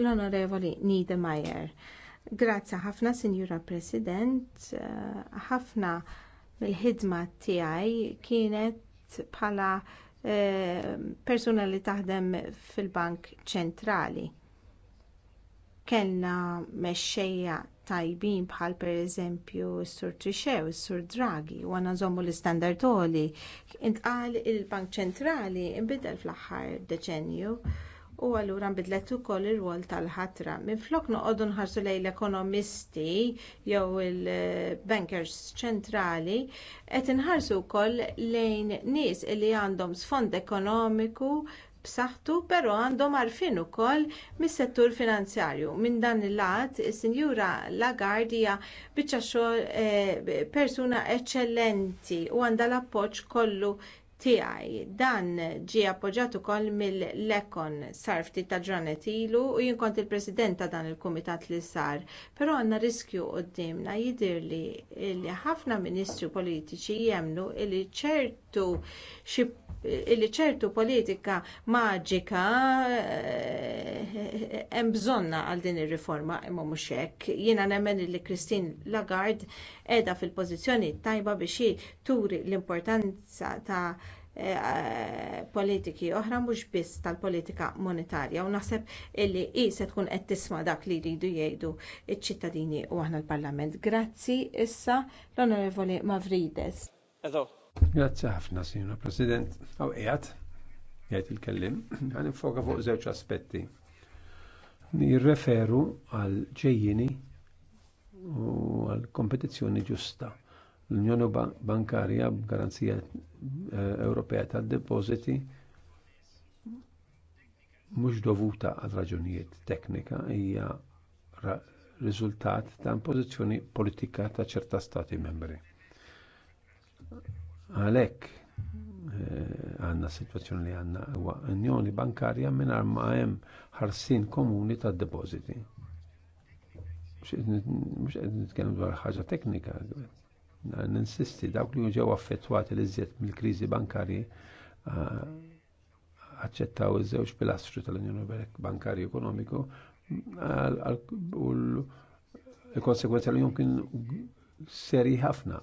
l-Onorevoli Niedermayer. Grazzi ħafna, Sinjura President. Eh, ħafna mill-ħidma tiegħi kienet bħala eh, persuna li taħdem fil-Bank Ċentrali. Kellna mexxejja tajbin bħal pereżempju s-Sur Trixew, s-Sur Draghi, u għana zommu l-istandardoli. Intqal il-Bank Ċentrali inbidel fl-aħħar deċenju u allura nbidlet ukoll ir-rwol tal-ħatra. Minflok noqogħdu nħarsu lejn l-ekonomisti jew il-bankers ċentrali qed inħarsu wkoll lejn nies li għandhom sfond ekonomiku b'saħħtu però għandhom għarfien ukoll mis-settur finanzjarju. Minn dan il-lat, is-Sinjura Lagarde hija biċċa xogħol eh, persuna eċċellenti u għandha l-appoġġ kollu tiegħi. Dan ġie appoġġjat ukoll mill-Lekon sar ftit ta' ġranet ilu u jien kont il-President ta' dan il-Kumitat li sar. Però għandna riskju qudiemna jidhirli li ħafna ministri politiċi jemnu li ċertu illi ċertu politika maġika eh, hemm bżonna għal din ir-riforma imma mhux hekk. Jiena nemmen li Christine Lagarde qiegħda fil-pożizzjoni tajba biex turi l-importanza ta' Eh, eh, politiki oħra mhux biss tal-politika monetarja u naħseb illi hi se tkun qed tisma' dak li jridu jgħidu iċ-ċittadini u aħna l-Parlament. Grazzi issa l-Onorevoli Mavrides. Grazzi ħafna, Signor President. Aw qiegħed jgħid il-kellim, għan infoka fuq żewġ aspetti. Nirreferu għal ġejjini u għal kompetizzjoni ġusta. L-Unjoni Bankarja b'garanzija Ewropea tad depositi mhux dovuta għal raġunijiet teknika hija riżultat ta' pożizzjoni politika ta' ċerta stati membri. Għalhekk eh, għandna situazzjoni li għandna huwa Unjoni Bankarja mingħajr ma hemm ħarsin komuni tad depositi Mhux qed nitkellem dwar ħaġa teknika, ninsisti dawk li ġew affettwati li żjed mill-kriżi bankarji ah, aċċettaw iż-żewġ pilastru tal-Unjoni Bankarju Ekonomiku u l-konsekwenza li jumkin seri ħafna.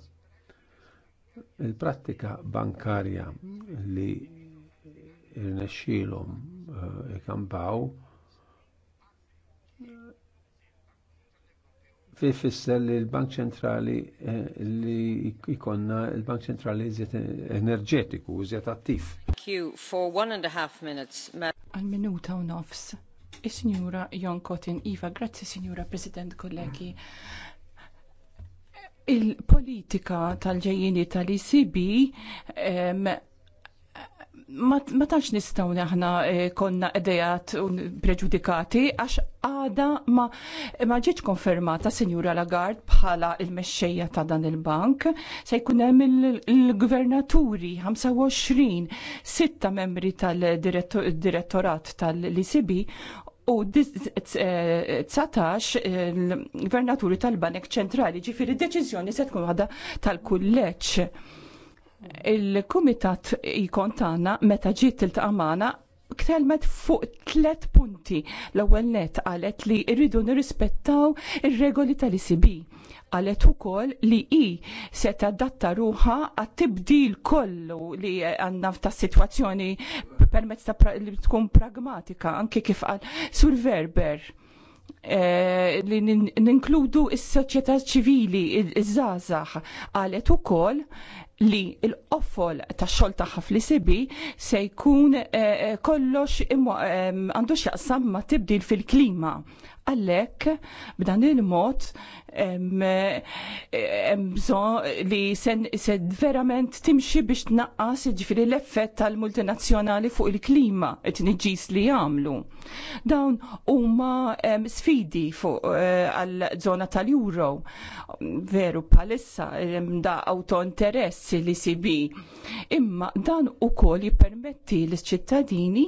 Il-prattika bankarja li rnexxilhom ah, ikampaw fi li l-Bank ċentrali eh, li ikonna l-Bank ċentrali iżjed enerġetiku, iżjed attiv. Għal minuta u nofs. Is-Sinjura Jon Kotin Iva, grazzi signora President kollegi. Il-politika tal-ġejjini tal icb ma tantx nistgħu aħna eh, konna edejat preġudikati għax għada ma, ma ġietx konfermata Sinjura Lagarde bħala il-mexxejja ta' dan il-bank se jkun hemm il-gvernaturi 25 sitta membri tal-direttorat tal-ICB u 19 eh, il-gvernaturi tal-Banek Ċentrali ġifieri d deċiżjoni se tkun għada tal-kulleġġ il-Kumitat ikon tagħna meta ġiet il-taqamana kelmet fuq tlet punti. L-ewwel net qalet li rridu nirrispettaw ir-regoli tal-ICB. Qalet ukoll li i se tadatta ruha għat-tibdil kollu li għandna ta' sitwazzjoni permezz ta' li tkun pragmatika anke kif qal Sur Verber Eh, li ninkludu is-soċjetà ċivili iż-żgħażagħ qalet ukoll li l-offol ta' xogħol tagħha fl Sibi se jkun eh, eh, kollox għandu xaqsam ma' tibdil fil-klima għallek b'dan il-mod li sen, verament timxi biex tnaqqas ġifiri l-effett tal-multinazzjonali fuq il-klima et nġis li għamlu. Dawn huma sfidi fuq eh, għal-żona tal-Euro. Veru palissa da auto interess li sibi. Imma dan ukoll jippermetti l-ċittadini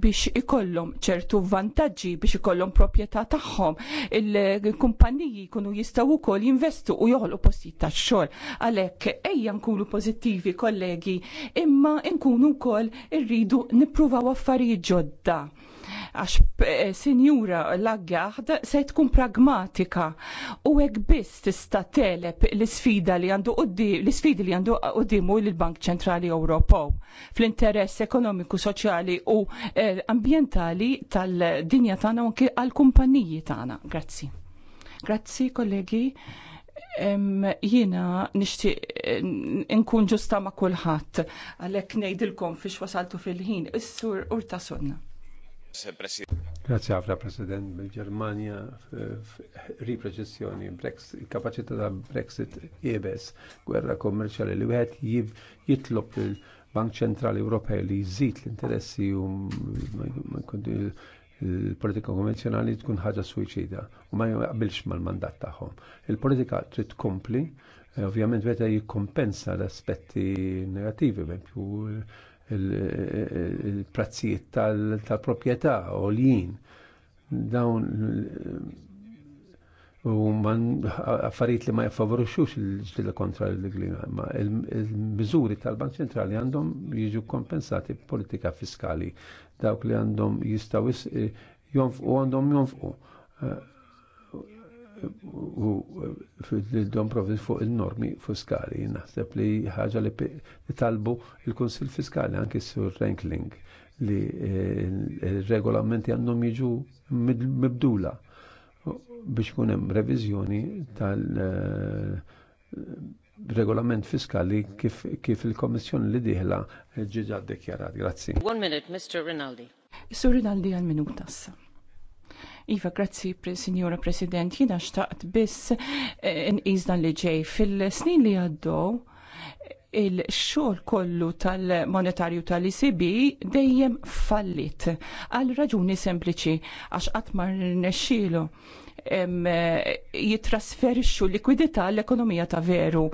biex ikollhom ċertu vantaġġi biex ikollhom proprjetà tagħhom. Il-kumpaniji jkunu jistgħu wkoll jinvestu u joħolqu postijiet tax-xogħol. Għalhekk ejja nkunu pożittivi kollegi, imma nkunu wkoll irridu nippruvaw affarijiet ġodda għax eh, sinjura l-għagħad se tkun pragmatika u hekk biss tista' teleb l sfida li għandu l-isfidi li għandu quddimu l-Bank Ċentrali Ewropew fl-interess ekonomiku, soċjali u eh, ambjentali tal-dinja tagħna u għall-kumpaniji tagħna. Grazzi. Grazzi kollegi jina nishtiq eh, nkun ġusta ma' kulħadd għalhekk ngħidilkom fiex wasaltu fil-ħin. Is-sur urta sunna. Grazie għafra President, bil-Germania eh, ripreċessjoni, il-kapacità ta' Brexit ebes, gwerra kommerċali li wieħed jitlob il-Bank Centrali Ewropej li jżid l-interessi u il-politika konvenzjonali tkun ħaġa suicida u ma jaqbilx mal-mandat tagħhom. Il-politika trid tkompli, eh, ovvjament veta jikkompensa l-aspetti negativi, il-prazzijiet tal-propieta u l-jien. Dawn eh, u man affarijiet li ma jaffavorixux il ġdil kontra l-glina, ma il-mizuri tal-Bank Ċentrali għandhom jiġu kompensati politika fiskali, dawk li għandhom jistawis eh, jonfqu għandhom jonfqu eh, u fil-dom provin fuq il-normi fiskali. Naħseb li ħaġa li talbu il-Konsil Fiskali anki sur Rankling li e, regolamenti għandhom jiġu mibdula biex kun hemm reviżjoni tal e, regolament fiskali kif, kif il-Komissjoni li diħla ġiġa ddekjarat. Grazzi. One minute, Mr. Rinaldi. Sur Rinaldi għal minuta Iva, grazzi, Signora President, jina xtaqt biss eh, nqis dan li ġej. Fil-snin li għaddew, il-xol kollu tal-monetarju tal-ICB dejjem fallit għal raġuni sempliċi għax qatmar nexxielu jitrasferxu likwidità l-ekonomija ta' veru.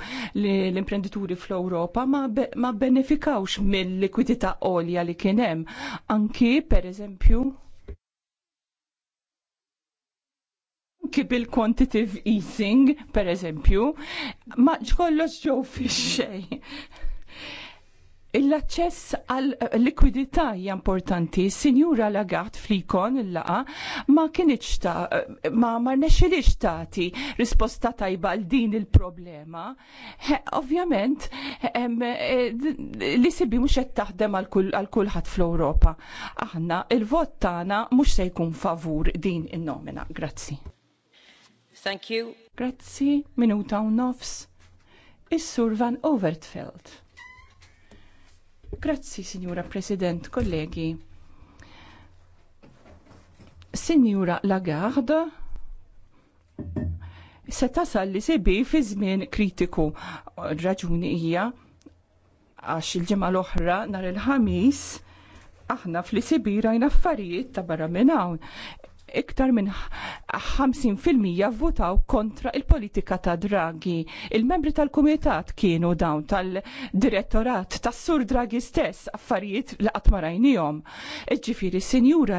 L-imprenditori fl-Ewropa ma, benefikawx mill-likwidità għolja li kien hemm. Anki, per eżempju, Kib il-quantitative easing, per eżempju, ma kollox ġew fix xej. L-aċċess għal likwidità hija importanti. Sinjura Lagat flikon il-laqa ma kienx ta' ma ma nexxilix tagħti risposta tajba għal din il-problema. Ovvjament eh, li sibi mhux qed taħdem għal kulħadd fl-Ewropa. Aħna il-vot tagħna mhux se jkun favur din in-nomina. Grazzi. Thank you. Grazzi, minuta u nofs. Is-Sur Van Overtfeld. Grazzi, Signora President, kollegi. Signora Lagarde, se tasal li sebi fi żmien kritiku. Raġuni hija għax il-ġimgħa l-oħra nhar il-ħamis aħna fl-isibi rajna affarijiet ta' barra minn hawn iktar minn 50% votaw kontra il-politika ta' Draghi. Il-membri tal-Kumitat kienu dawn tal-direttorat tas Sur Draghi stess affarijiet li qatt ma rajnihom. Ġifieri Sinjura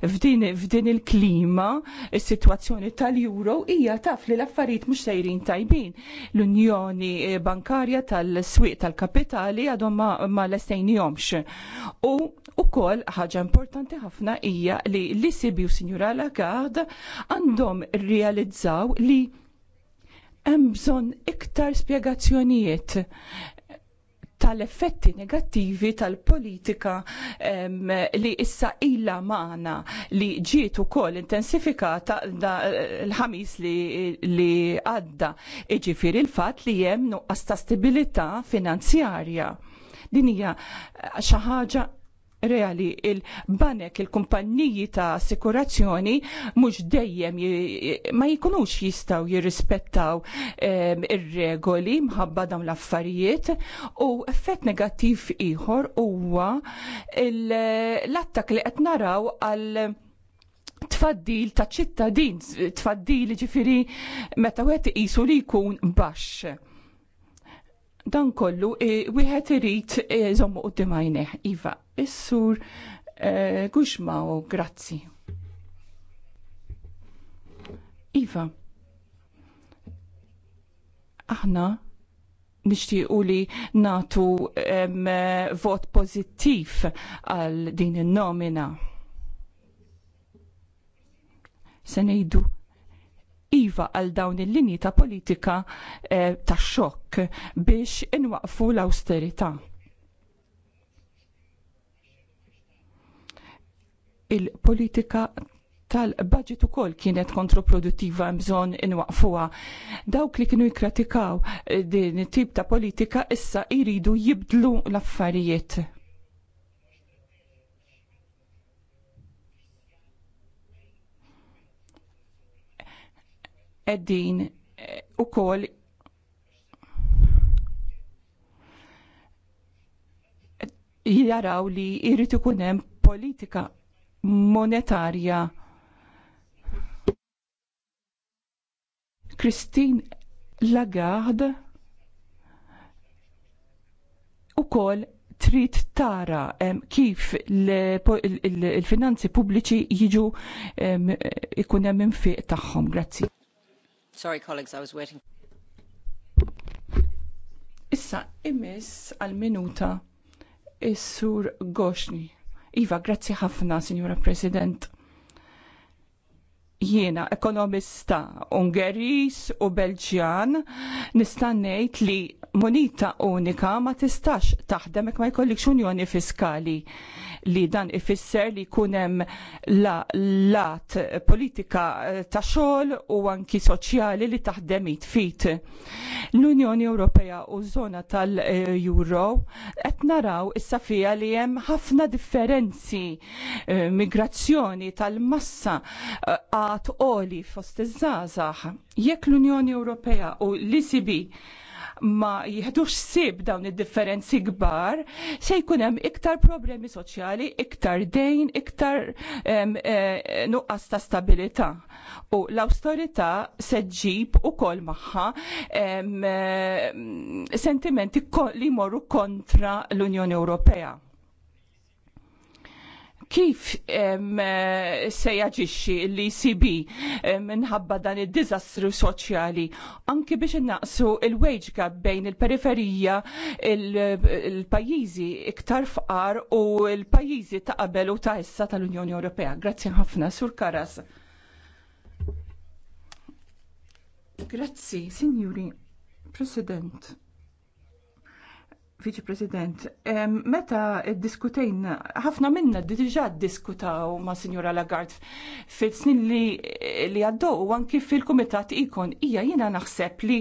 f'din il-klima, il sitwazzjoni tal-Euro hija taf li l-affarijiet mhux sejrin tajbin. L-Unjoni Bankarja tal-Swieq tal-Kapitali għadhom ma l-estajnijomx. U kol, ħaġa importanti ħafna hija li l-isi Libi u Signora Lagarde għandhom realizzaw li hemm bżonn iktar spjegazzjonijiet tal-effetti negattivi tal-politika li issa illa maħna li ġiet ukoll intensifikata l-ħamis li għadda iġifir il fatt li hemm nuqqas ta' stabilità finanzjarja. Din hija xi ħaġa reali il-banek, il-kumpanniji ta' assikurazzjoni mhux dejjem ma jkunux jistgħu jirrispettaw il ehm, ir-regoli mħabba dawn l-affarijiet u effett negattiv ieħor huwa l-attak li qed naraw għal tfaddil ta' ċittadin, tfaddil ġifiri meta wieħed iqisu li jkun baxx dan kollu e, wieħed irid e, żommu qudiem għajneh. Iva, is-sur e, Guxmaw, grazzi. Iva, aħna nixtiequ li natu vot pożittiv għal din in-nomina. Se ngħidu iva għal dawn il-linji ta' politika eh, ta' xokk biex inwaqfu l-austerità. Il-politika tal-budget ukoll kienet kontroproduttiva bżonn inwaqfuha. Dawk li kienu jikratikaw eh, din it-tip ta' politika issa jridu jibdlu l-affarijiet u eh, ukoll jaraw li jrid ikun hemm politika monetarja Christine Lagarde u kol trid tara kif il-finanzi pubbliċi jiġu ikun hemm fiq tagħhom. Grazzi. Sorry colleagues, I was waiting. Issa imis għal minuta is-sur Goshni. Iva, grazzi ħafna, Signora President jiena ekonomista Ungeris u Belġjan nista' ngħid li monita unika ma tistax taħdem ma jkollikx unjoni fiskali li dan ifisser li jkun hemm la lat politika eh, ta' xogħol u anki soċjali li taħdem fit. L-Unjoni Ewropea u żona tal-Euro qed naraw issa fiha li hemm ħafna differenzi eh, migrazzjoni tal-massa eh, għat oli fost iż-żazax. Jekk l-Unjoni Ewropea u l-ICB ma jihdux sib dawn id-differenzi kbar, se jkun hemm iktar problemi soċjali, iktar dejn, iktar eh, nuqqas ta' stabilità. U l-austerità se ġib ukoll magħha eh, sentimenti li jmorru kontra l-Unjoni Ewropea kif eh, se jaġixxi l-ECB minħabba dan id-diżastru soċjali anki biex innaqsu il-wage gap bejn il-periferija il-pajjiżi iktar fqar u l-pajjiżi ta' qabel u ta' issa tal-Unjoni Ewropea. Grazzi ħafna, Sur Karas. Grazzi, Signori President. Viċi President, meta diskutejna, ħafna minna diġa diskutaw ma' Signora Lagarde fil-snin li, li għaddew u anki fil-Kumitat ikon, hija jiena naħseb li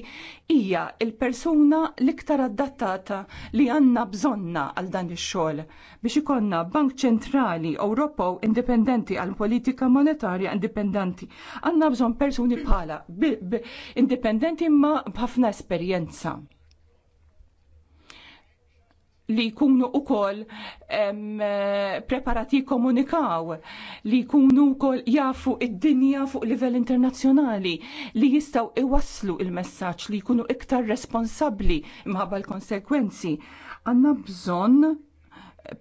hija il-persuna l-iktar adattata li għandna bżonna għal dan ix-xogħol biex ikonna Bank Ċentrali Ewropew indipendenti għal politika monetarja indipendenti. Għandna bżonn persuni bħala indipendenti ma b'ħafna esperjenza li jkunu u kol preparati komunikaw, li jkunu u kol jafu id-dinja fuq livell internazzjonali, li jistaw iwaslu il-messaċ, li jkunu iktar responsabli imħabba l-konsekwenzi. Għanna bżon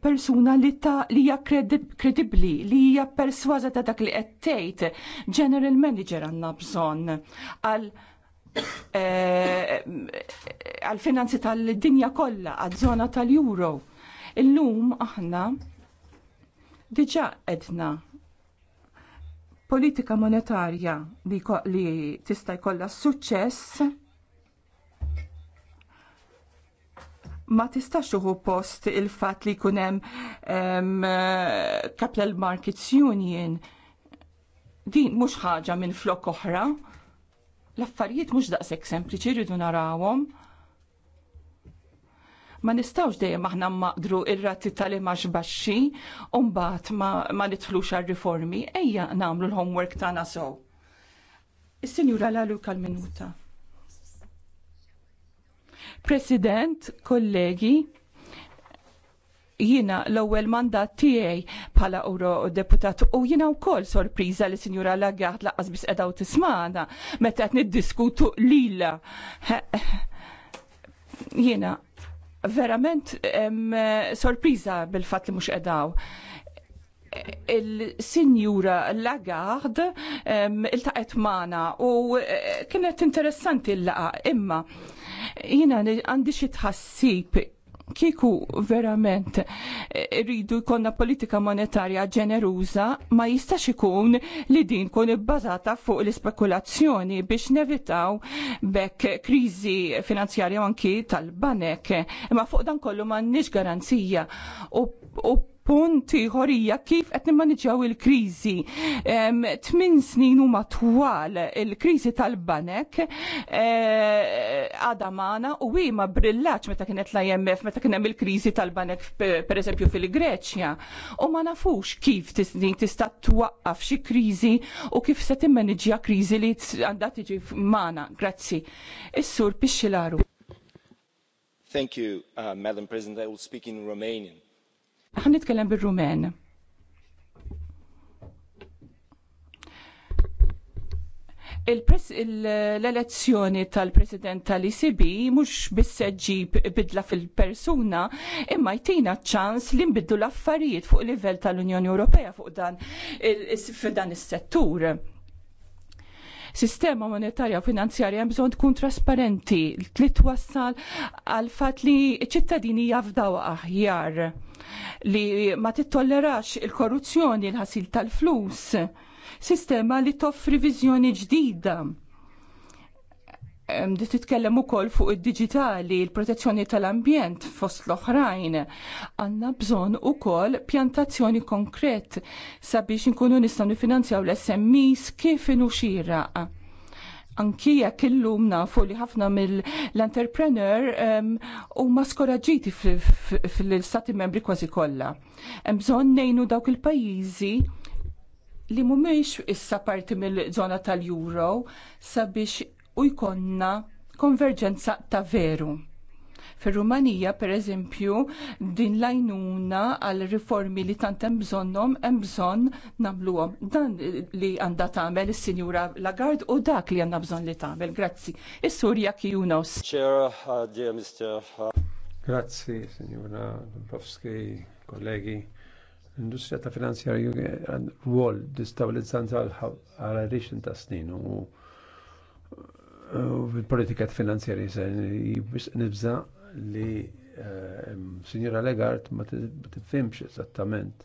persuna li ta' li hija kredibbli, li hija persważa ta' dak li qed tgħid, general manager għandna bżonn għal Eh, għal-finanzi tal-dinja kollha għaż-żona tal-Euro. Illum aħna diġà edna politika monetarja li, li tista' jkollha suċċess ma tistax uħu post il-fat li kunem um, Capital Markets Union. Din mhux ħaġa minn flok oħra L-affarijiet mhux daqshekk sempliċi rridu narawhom. Ma nistawx dejjem aħna maqdru ir-rati tal-imax baxxi u mbagħad ma, ma nidħlux għar-riformi, ejja nagħmlu l-homework tagħna sew. Is-Sinjura Lalu kal-minuta. President, kollegi, jina l-ewwel mandat tiegħi bħala deputat u jina wkoll sorpriża li Sinjura Lagat laqqas biss qedaw tismana meta qed niddiskutu lila. Jiena verament sorpriża bil-fatt li mhux qedaw il-sinjura Lagard il-taqet mana u eh, kienet interessanti l-laqa imma jina għandi xi tħassib Kieku verament rridu jkollna politika monetarja ġeneruża ma jistax ikun li din kun ibbażata fuq l-ispekulazzjoni biex nevitaw bekk kriżi finanzjarja anki tal-banek. Imma fuq dan kollu m'għandniex garanzija u, u punt ħorija kif qed nimmaniġġjaw il-kriżi. Tmin snin huma twal il-kriżi tal-banek eh, għada magħna u hi ma brillax meta kienet l-IMF meta kien hemm il-kriżi tal-banek pereżempju fil-Greċja. U ma nafux kif tista' twaqqaf xi kriżi u kif se timmaniġġja kriżi li għandha tiġi magħna. Grazzi. Is-sur Pixxilaru. Thank you, uh, Madam President. I will speak in Romanian Ħan nitkellem bil-Rumen. l-elezzjoni tal-president tal-ICB mhux biss bidla fil-persuna imma jtina ċans li nbiddu l-affarijiet fuq livell tal-Unjoni Ewropea fuq dan is-settur sistema monetarja finanzjarja hemm bżonn tkun trasparenti li twassal għal fatt li ċittadini jafdaw aħjar li ma tittollerax il-korruzzjoni l-ħasil tal-flus sistema li toffri viżjoni ġdida di titkellem ukoll fuq id-diġitali, il-protezzjoni tal-ambjent fost l-oħrajn. Għandna bżonn ukoll pjantazzjoni konkret sabiex inkunu nistgħu nifinanzjaw l-SMEs kif inhu xieraq. Anki jekk illum nafu li ħafna mill-entrepreneur huma skoraġiti fl-istati membri kważi kollha. Hemm bżonn ngħinu dawk il-pajjiżi li mhumiex issa parti mill-żona tal-Euro sabiex u jkonna konverġenza ta' veru. Fir-Rumanija, per eżempju, din lajnuna għal riformi li tant hemm bżonnhom hemm bżonn nagħmluhom. Dan li għandha tagħmel is-Sinjura Lagard u dak li għandna bżonn li tagħmel. Grazzi. Is-Surja Kijunos. Grazzi, Sinjura Dombrovski, kollegi. L-industrija ta' finanzjarju għal wol distabilizzanza għal għal ta' snin u fil-politika finanzjari se nibza li eh, Signora Legart ma tifimx eżattament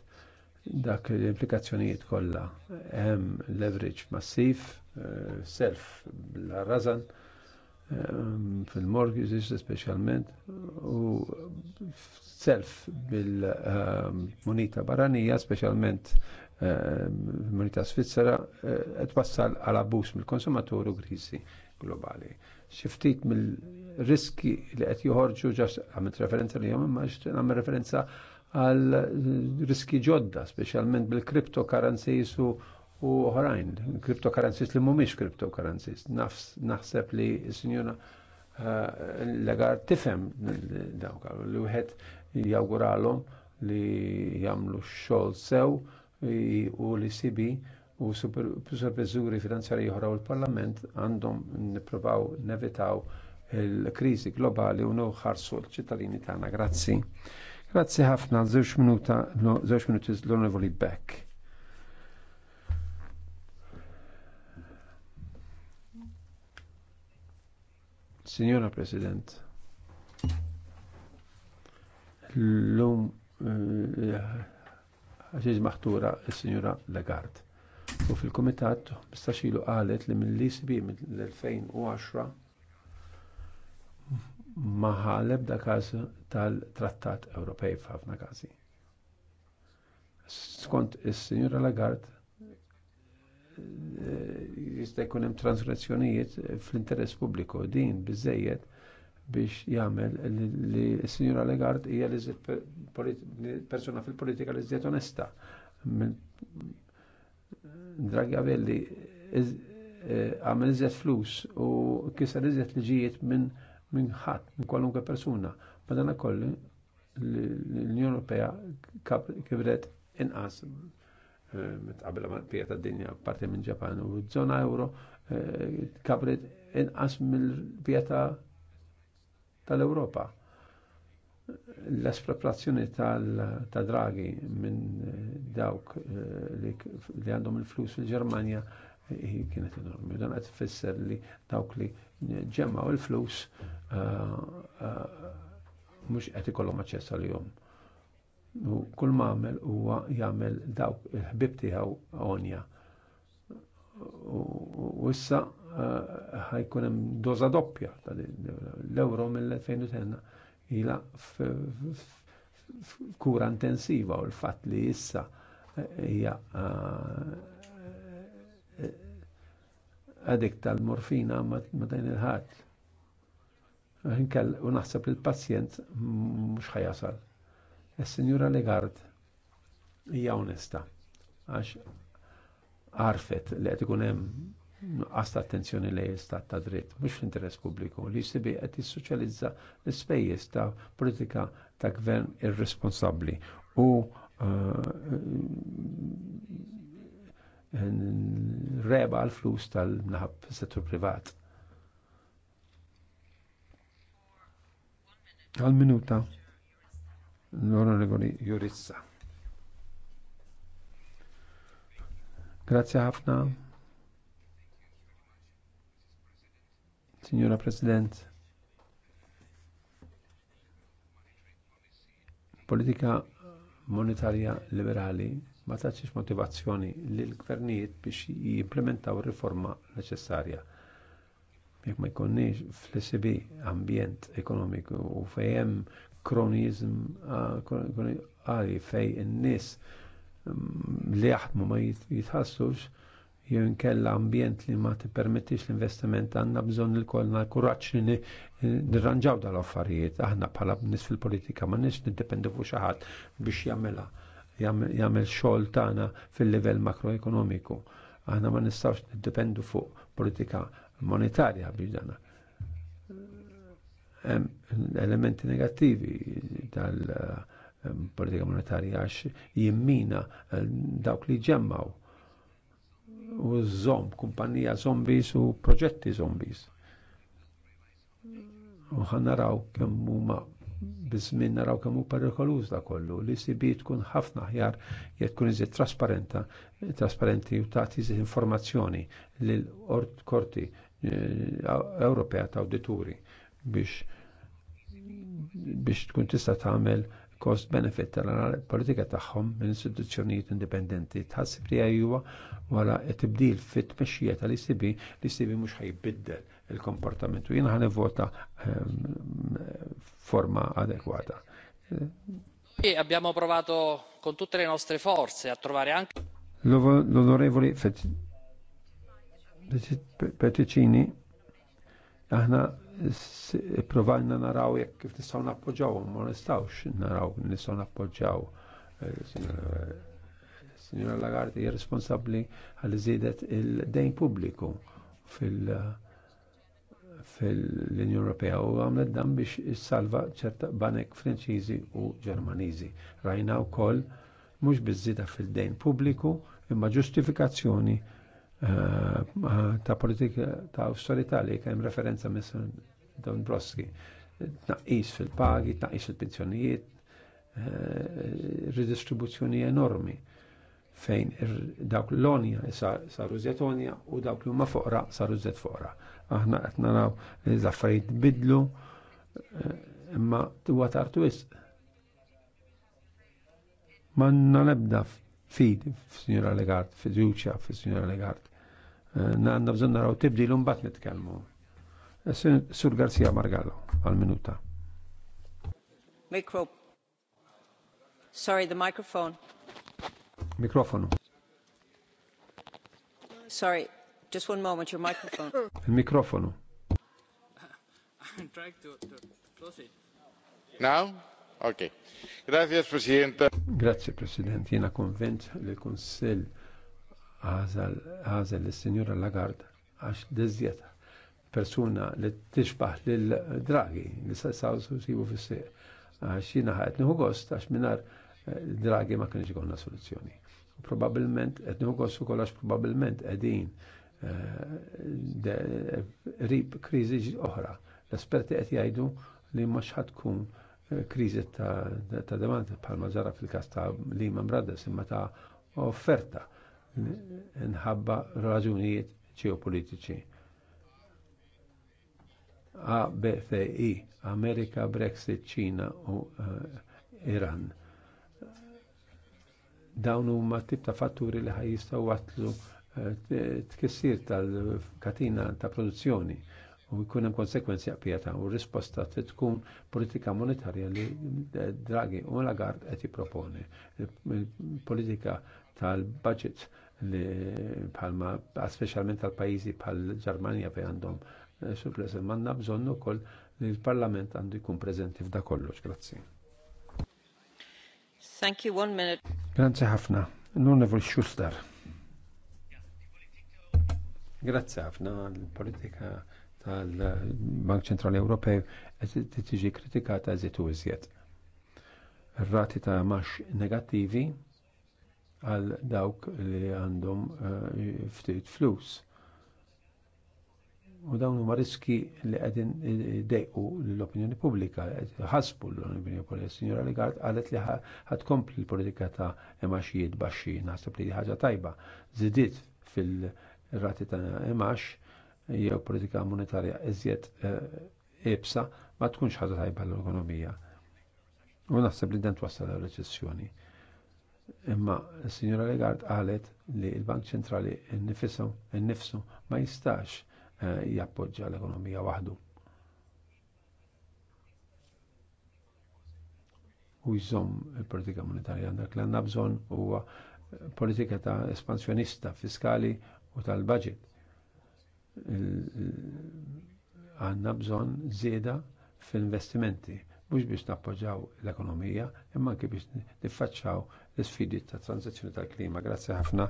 dak l-implikazzjonijiet kollha. Hemm leverage massiv, eh, self la razan fil-mortgages specialment u self bil-munita barranija specialment munita Svizzera eh, qed passal għal abbuż mill-konsumatur u grisi globali. Xiftit mill-riski li qed joħorġu ġas għamilt referenza li jom imma referenza għal riski ġodda, specialment bil-cryptocurrencies u oħrajn, kriptokaranzis li mumiex kriptokaranzis, nafs, Naħseb li s-sinjuna eh, legar tifhem dawk li wieħed jawguralom li jamlu xol sew u li sibi u supervizuri finanzjari oħra u l-Parlament għandhom nippruvaw nevitaw il-kriżi globali u nħarsu l-ċittadini tagħna. Grazzi. Grazzi ħafna, żewġ minuta, żewġ minuti l-Onorevoli Beck. Signora President, l-lum eh, ħaxiġ maħtura il-Signora Lagarde u fil-kumitat mistax ilu qalet li mill-ICB mill-2010 ma ħaleb da każ tal-Trattat Ewropej f'ħafna każi. Skont is-Sinjura Lagarde jista' jkun hemm transgressjonijiet fl-interess pubbliku din biżżejjed biex jagħmel li s-Sinjura Lagarde hija li persuna fil-politika li żiet onesta Dragavelli eh, għamil iżjed flus u kisar iżjed liġijiet minn min ħadd, minn kwalunkwe persuna. Madana kolli l-Unjoni Ewropea kibret inqas eh, qabel ma pija ta' dinja parti minn Ġapan u żona euro eh, kabret inqas mill-pija tal-Ewropa l-espropriazzjoni ta' draghi minn eh, dawk eh, li għandhom il-flus fil germania eh, kienet enormi. Dan għed fisser li dawk li ġemmaw il-flus mux għed ikollom għacċess għal jom. U kull ma għamel huwa jagħmel dawk il-ħbib tiegħu onja. U issa ħajkunem doza doppja l-euro mill-2010 ila f'kura intensiva u l-fatt li issa eh, hija għadek eh, tal-morfina ma dan il-ħat. u naħseb il pazjent mux ħajasal. Is-Sinjura Legard hija onesta għax għarfet li qed ikun hemm għasta attenzjoni li jistat ta' dritt, mux l-interess publiku, li jisibi għet jissoċalizza l-spejjes ta' politika ta' gvern irresponsabli u eh, eh, reba għal-flus tal-naħab settur privat. Għal-minuta, l-onorevoli Jurissa. Grazie ħafna. Signora President. Politika monetarja liberali ma taċċiex motivazzjoni li l-gvernijiet biex jimplementaw riforma neċessarja. Jekk ma jkunniex fl sb ambjent ekonomiku u fejem kronizm għali fej n-nis mm, li jaħdmu ma jitħassux, jew inkella ambjent li ma tippermettix l-investiment għandna bżonn il kolna kuraġġ li nirranġaw dal-affarijiet. Aħna bħala nis fil-politika ma nix niddependu fuq xi ħadd biex jagħmilha jagħmel xogħol tagħna fil-livell makroekonomiku. Aħna ma nistgħux niddependu fuq politika monetarja biex dana. Elementi negattivi tal-politika eh, monetarja għax jimmina eh, dawk li ġemmaw u zomb, kumpanija zombies u proġetti zombies. U ħannaraw kemm huma bizmin naraw kemm hu perikoluż da kollu li si bi tkun ħafna ħjar jekk tkun iżjed trasparenta, trasparenti u tagħti iżjed informazzjoni lil korti eh, Ewropea ta' awdituri biex biex tkun tista' tagħmel cost benefit tal-politika tagħhom minn istituzzjonijiet indipendenti. Tħassib li huwa wara tibdil fit-tmexxija tal-ICB li ICB mhux ħajbiddel il-komportament u jiena ħanivvota ehm, forma adekwata. E abbiamo provato con tutte le nostre forze a trovare anche. L'onorevole Peticini, aħna provajna naraw jekk kif nistgħu nappoġġaw ma nistgħux naraw nistgħu nappoġġaw. Eh, signora Lagarde hija responsabbli għal żiedet il-dejn pubbliku fil- unjoni Ewropea u għamlet dan biex issalva ċerta banek Franċiżi u Ġermaniżi. Rajna wkoll mhux biżida fil-dejn pubbliku imma ġustifikazzjoni Eh, eh, ta' politika ta' austerità li kemm referenza Mr. Don Broski. Tnaqqis fil-pagi, tnaqqis fil-pensjonijiet, eh, ridistribuzzjoni enormi fejn dawk l-onja saru zjet onja u dawk li huma foqra saru zjet foqra. Aħna qed naraw li l-affarijiet bidlu imma tuwa tartu wisq. Manna fid, f-Sinjora Legard, fiduċja f-Sinjora Legard. Eh, Nanna bżonna raw tibdil un bat nitkellmu. Eh, Sur Garcia Margallo, għal-minuta. Mikro. Sorry, the microphone. Mikrofonu. Sorry, just one moment, your microphone. mikrofonu I'm trying to, to close it. Now? Grazie, Presidente, Grazie, President. Jena konvent li l-Konsil għazel il-Signora Lagarde għax dezzjeta persuna li t tixbaħ l dragi li s-saw s-sibu fis-seq għax jena ħajt nħu għost għax minar eh, dragi ma kienx għonna soluzzjoni. Probabilment, et nħu għost u kollax probabilment għedin eh, rib krizi oħra. L-esperti għet jajdu li maċħat kun kriżi ta' demanda bħalma ġara fil-każ ta' Lehman Brothers imma ta' offerta nħabba raġunijiet ġeopolitiċi. ABFI, Amerika, Brexit, Ċina u Iran. Dawn huma tip ta' fatturi li ħaj jistgħu wattlu tkissir tal-katina ta' produzzjoni u jkun hemm konsekwenzi qbjeta u risposta tkun politika monetarja li Draghi u Lagarde qed jipproponi. Politika tal-budget li palma, specialment tal-pajjiżi bħal-Ġermanja fejn għandhom eh, surplus manna bżonn ukoll li l-Parlament għandu jkun preżenti f'da kollox. Grazzi. Thank you, one minute. Grazie ħafna. Nonnevel Schuster. Grazie ħafna l-politika tal-Bank Ċentrali Ewropew qed tiġi kritikata eżiet u iżjed. Rati ta' max negattivi għal dawk li għandhom eh, ftit flus. U dawn huma riski li qegħdin dejqu l-opinjoni pubblika, ħasbu l-opinjoni pubblika. Signora Ligard qalet li ħad kompli l-politika ta' emaxijiet baxxi, naħseb li ħaġa tajba. Zidiet fil-rati ta' emax jew politika monetarja iżjed eh, ibsa ma tkunx ħadu tajba l-ekonomija. U naħseb li dan twassal reċessjoni. Imma s signora Legard qalet li l-Bank Ċentrali nifissu nifsu ma jistax eh, jappoġġa l-ekonomija waħdu. U jżomm il-politika monetarja dak l-għanna bżonn huwa politika ta' espansjonista fiskali u tal-budget għanna bżon zieda fil-investimenti mux biex nappoġġaw l-ekonomija, imma anke biex nifacċaw l-sfidi ta' tranzizjoni tal-klima. Grazie ħafna.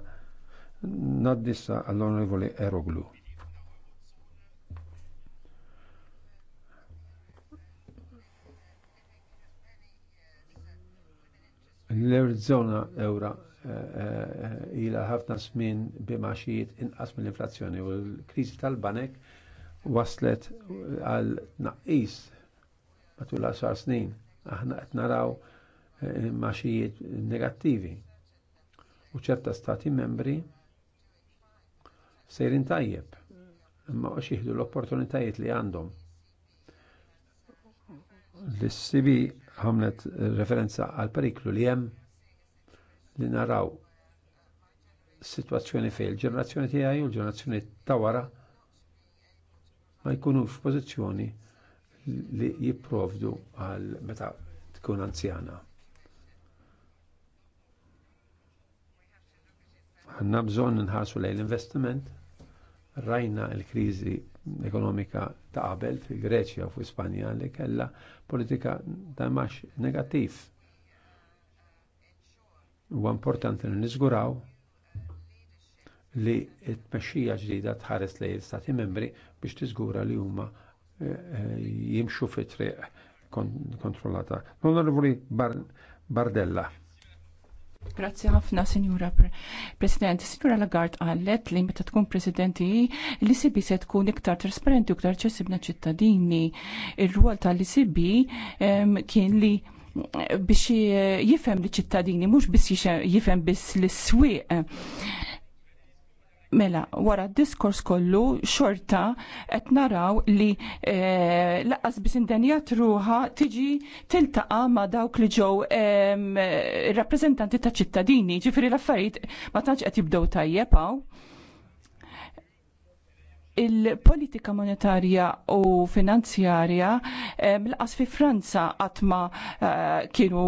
Naddissa għall-Onorevoli Eroglu. L-Zona Eura Eh, eh, ila ħafna żmien bimaxijiet inqas mill-inflazzjoni u l-kriżi tal-banek waslet għal naqis matul għaxar snin. Aħna qed naraw eh, maxijiet negattivi. U ċerta stati membri sejrin tajjeb imma għax jieħdu l-opportunitajiet li għandhom. L-CB ħamlet referenza għal periklu li hemm li naraw situazzjoni fej il-ġenerazzjoni tiegħi u l-ġenerazzjoni ta' wara ma jkunux f'pożizzjoni li jipprovdu għal meta tkun anzjana. Għanna bżonn nħarsu lejn l-investiment, rajna l-kriżi ekonomika ta' qabel fil-Greċja u fl-Ispanja li kellha politika ta' max negattiv Huwa importanti li niżguraw li t-tmexxija ġdida tħares lejn l-Stati membri biex tiżgura li huma eh, eh, jimxu fi triq kontrollata. L-Onorevoli Bardella. Grazie ħafna, Signora President. Signora Lagarde għallet li meta tkun presidenti Li Sibi se tkun iktar trasparenti u iktar ċessibna ċittadini. Il-rwol tal sibi ehm, kien li biex jifhem li ċittadini mhux biss jifhem biss l-swieq. Mela, wara d diskors kollu xorta qed naraw li e, eh, laqqas biss indenjat ruha tiġi tiltaqa ma' dawk li ġew ehm, rappreżentanti ta' ċittadini, ġifieri l-affarijiet ma tantx qed jibdew tajjeb il-politika monetarja u finanzjarja eh, mlaqas fi Franza għatma eh, kienu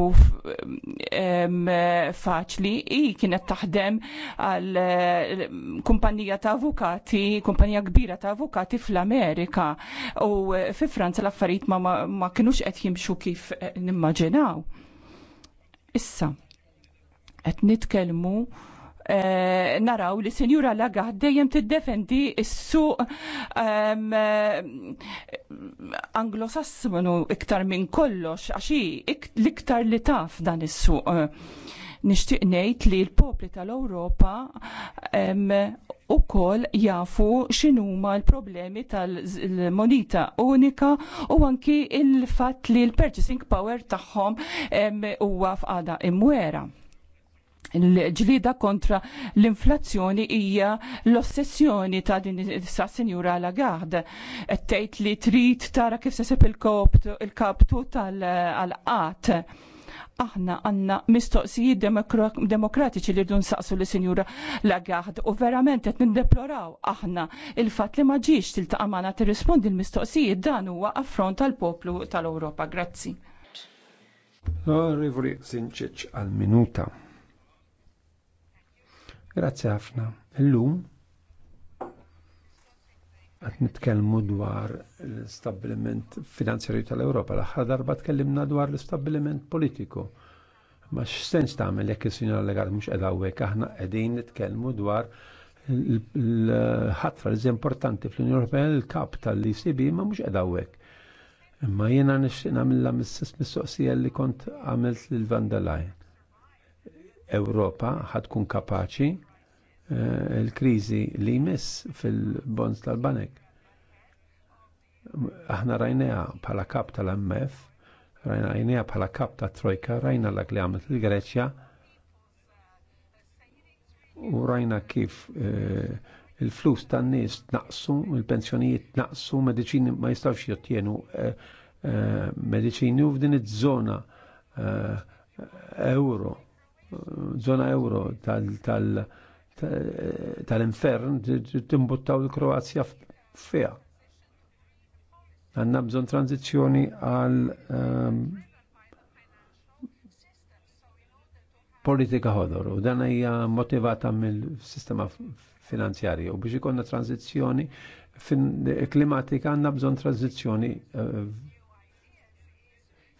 faċli i kienet taħdem għal eh, kumpanija ta' avukati, kumpanija kbira ta' avukati fl-Amerika u fi Franza l-affarijiet ma, kienux qed jimxu kif nimmaġinaw. Issa, qed nitkellmu Eh, naraw li senjura Laga dejjem tiddefendi s-suq um, eh, anglosassmanu iktar minn kollox għaxi l-iktar li taf dan is-suq. Nixtieq ngħid li l-popli tal-Ewropa u kol jafu x'inhuma l-problemi tal-monita unika u anki il-fatt li l-purchasing power tagħhom huwa f'qada imwera l-ġlida kontra l-inflazzjoni hija l-ossessjoni ta' din sa' sinjura Lagarde. Tgħid li trid tara kif sesep il-kaptu tal qat aħna għanna mistoqsijiet demokratiċi li rridu nsaqsu li sinjura Lagarde u verament qed nindeploraw aħna il-fatt li ma ġiex tiltaqa' magħna tirrispondi l-mistoqsijiet dan huwa affront tal-poplu tal-Ewropa. Grazzi. Onorevoli Sinċiċ għal minuta. Grazzi ħafna. Illum qed nitkellmu dwar l-istabbiliment finanzjarju tal-Ewropa. L-aħħar darba tkellimna dwar l-istabbiliment politiku. Ma x-sens tagħmel jekk is sinjor Allegat mhux qed hawnhekk aħna qegħdin nitkellmu dwar l-ħatra li importanti fl-Unjoni Ewropea l-kap tal-ECB ma mhux qed hawnhekk. Imma jiena nixtieq nagħmilha mis-mistoqsija li kont għamilt lil Van Ewropa ħad tkun kapaċi Eh, il-kriżi li jmiss fil-bonds tal-banek. Aħna rajnija bħala kap tal-MF, rajnija bħala kap ta' Trojka, rajna l li għamlet il-Greċja u rajna kif eh, il-flus tan-nies naqsu il-pensjonijiet naqsu mediċini ma jistawx jottienu eh, medicini u f'din iż-żona euro, żona euro tal-, tal, tal tal-infern timbuttaw il-Kroazja fija. Għanna bżon tranzizjoni għal ehm, politika ħodor u dan hija motivata mill-sistema finanzjarju u biex ikonna tranzizjoni klimatika għanna bżon tranzizjoni ehm,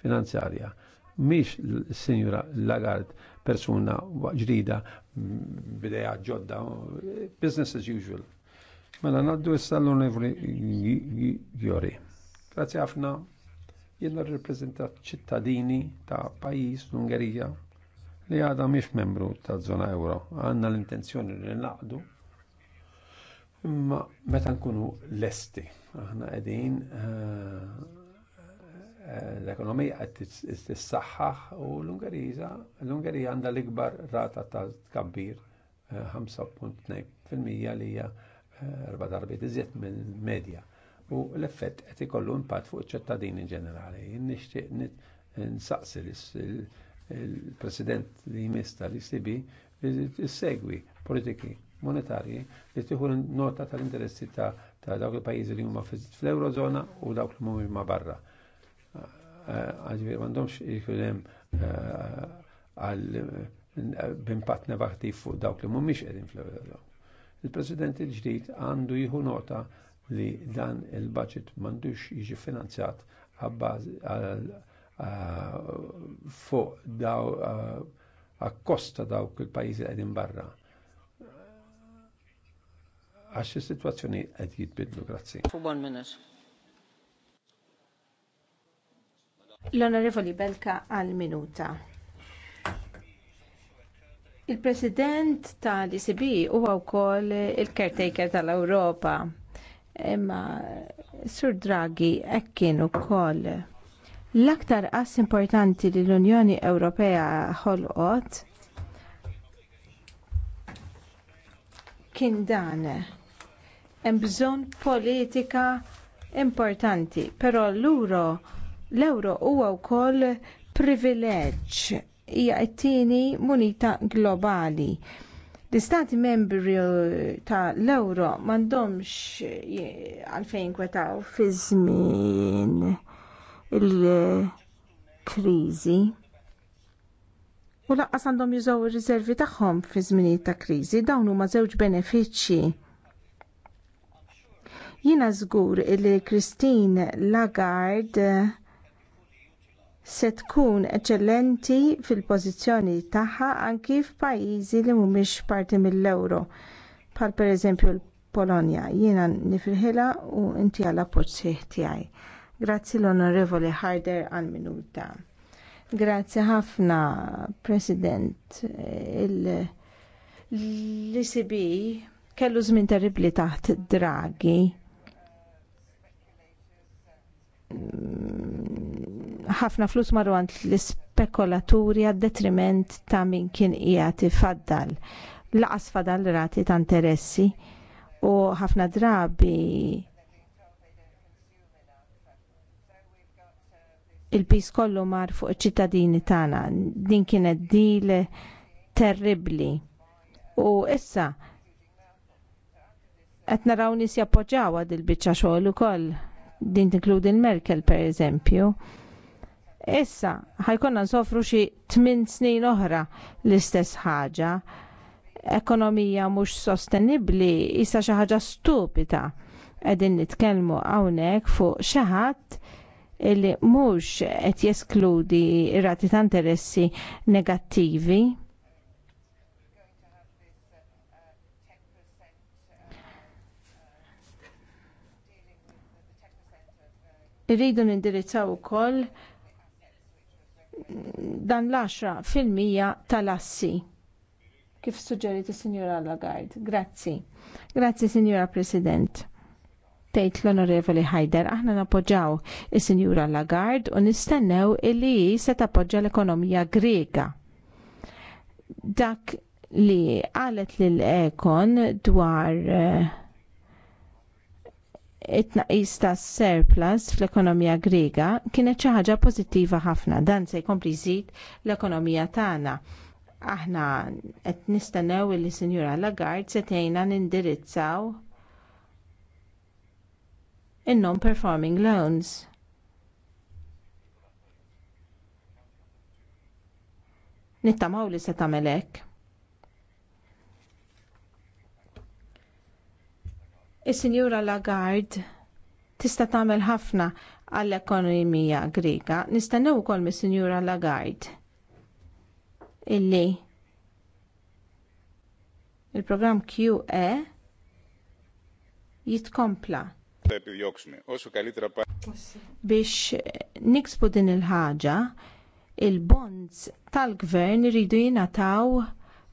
finanzjarja. Mhix l-Sinjura Lagarde persuna ġrida bideja ġodda, business as usual. Mela naddu issa l-onevri jori. Grazie għafna, jenna r-reprezentat ċittadini ta' pajis l-Ungerija li għada miex membru ta' zona euro. Għanna l-intenzjoni li naqdu imma meta nkunu lesti. Aħna qegħdin eh, l-ekonomija qed tissaħħaħ u l ungerija l-Ungerija għandha l-ikbar rata ta' tkabbir 5.2% eh, li hija eh, erba' darbiet iżjed mill medja. U l-effett qed ikollu impatt fuq iċ-ċittadini ġenerali. Nixtieq nsaqsi il-President li jmista li sibi li segwi politiki monetarji li tieħu nota tal-interessi ta' dawk il-pajjiżi li huma fl-Eurozona u dawk li huma barra għadmir mandomx jikunem eh, għal bimpat nevaħti fuq dawk li mumiex edin fl Il-President il ġdijt għandu jihu nota li dan il-budget mandux jiġi finanzjat eh, fuq daw għakosta eh, dawk il-pajjiżi qegħdin barra. Għaxi situazzjoni sitwazzjoni qed jitbidlu, grazzi. For one minute. L-Onorevoli Belka għal minuta. Il-President tal-ICB huwa wkoll il-caretaker tal-Ewropa. Imma Sur Draghi hekk kien ukoll. L-aktar qass importanti li l-Unjoni Ewropea ħolqot kien dan hemm bżonn politika importanti, però l-uro L-euro huwa wkoll privileġġ hija t-tieni munita globali. L-istati membri ta' l-euro m'għandhomx għalfejn kwetaw fi żmien il-kriżi. U laqqas għandhom jużaw ir-riservi tagħhom fi żminijiet ta' kriżi dawn huma żewġ benefiċċji. Jiena żgur li Christine Lagarde se tkun eċċellenti fil-pożizzjoni tagħha anki f'pajjiżi li mhumiex parti mill-ewro, bħal pereżempju l-Polonja. Jiena nifirħilha u inti għal appoġġ tiegħi. Grazzi l-Onorevoli Harder għal minuta. Grazzi ħafna, President. L-ICB kellu żmien terribli taħt Draghi ħafna flus marru l-spekulaturi għad detriment ta' min kien qiegħed fadal, Laqas fadal rati ta' interessi u ħafna drabi il-pis kollu mar fuq ċittadini tagħna. Din kienet dil terribli. U issa qed naraw nies jappoġġaw għad il-biċċa xogħol ukoll. Din tinkludi l-Merkel pereżempju. Issa, ħajkonna nsofru xi 8 snin oħra l-istess ħaġa. Ekonomija mhux sostenibbli issa xi ħaġa stupida. Qegħdin nitkellmu hawnhekk fuq xi ħadd illi mhux qed jeskludi rati ta' interessi negattivi. Irridu nindirizzaw ukoll dan l-10 fil-mija tal-assi. Kif suġġeriti Sinjora Lagarde. Grazzi. Grazzi Sinjora President. Tejt l-Onorevoli Hajder, aħna napoġġaw is-Sinjura Lagarde u nistennew illi se tappoġġa l-ekonomija Grega. Dak li qalet lil ekon dwar eh, it tnaqqis ta' surplus fl-ekonomija Griega kienet xi ħaġa pożittiva ħafna dan se jkompli jżid l-ekonomija tagħna. Aħna qed nistennew li Sinjura Lagarde se tgħinha nindirizzaw in-non performing loans. Nittamaw li se tagħmel hekk. Is-Sinjura Lagarde tista' tagħmel ħafna għall-ekonomija Griega. Nistennew ukoll mis-Sinjura Lagarde illi il-programm QE jitkompla biex niksbu din il-ħaġa il-bonds tal-gvern iridu jingħataw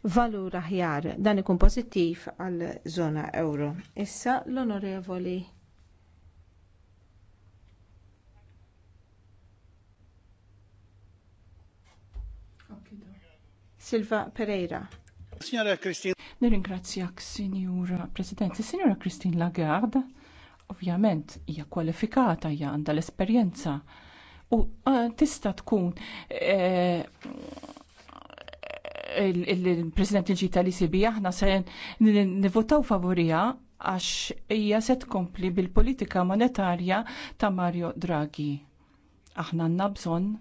valur aħjar dan ikun pożittiv għal żona euro. Issa l-onorevoli Silva Pereira. Signora Christine. Nirringrazzjak, Signora President. Signora Christine Lagarde, ovvjament, hija kwalifikata, hija għandha l-esperjenza u eh, tista tkun eh, il-President il ġita li sibi aħna se nivotaw favorija għax hija se tkompli bil-politika monetarja ta' Mario Draghi. Aħna għandna bżonn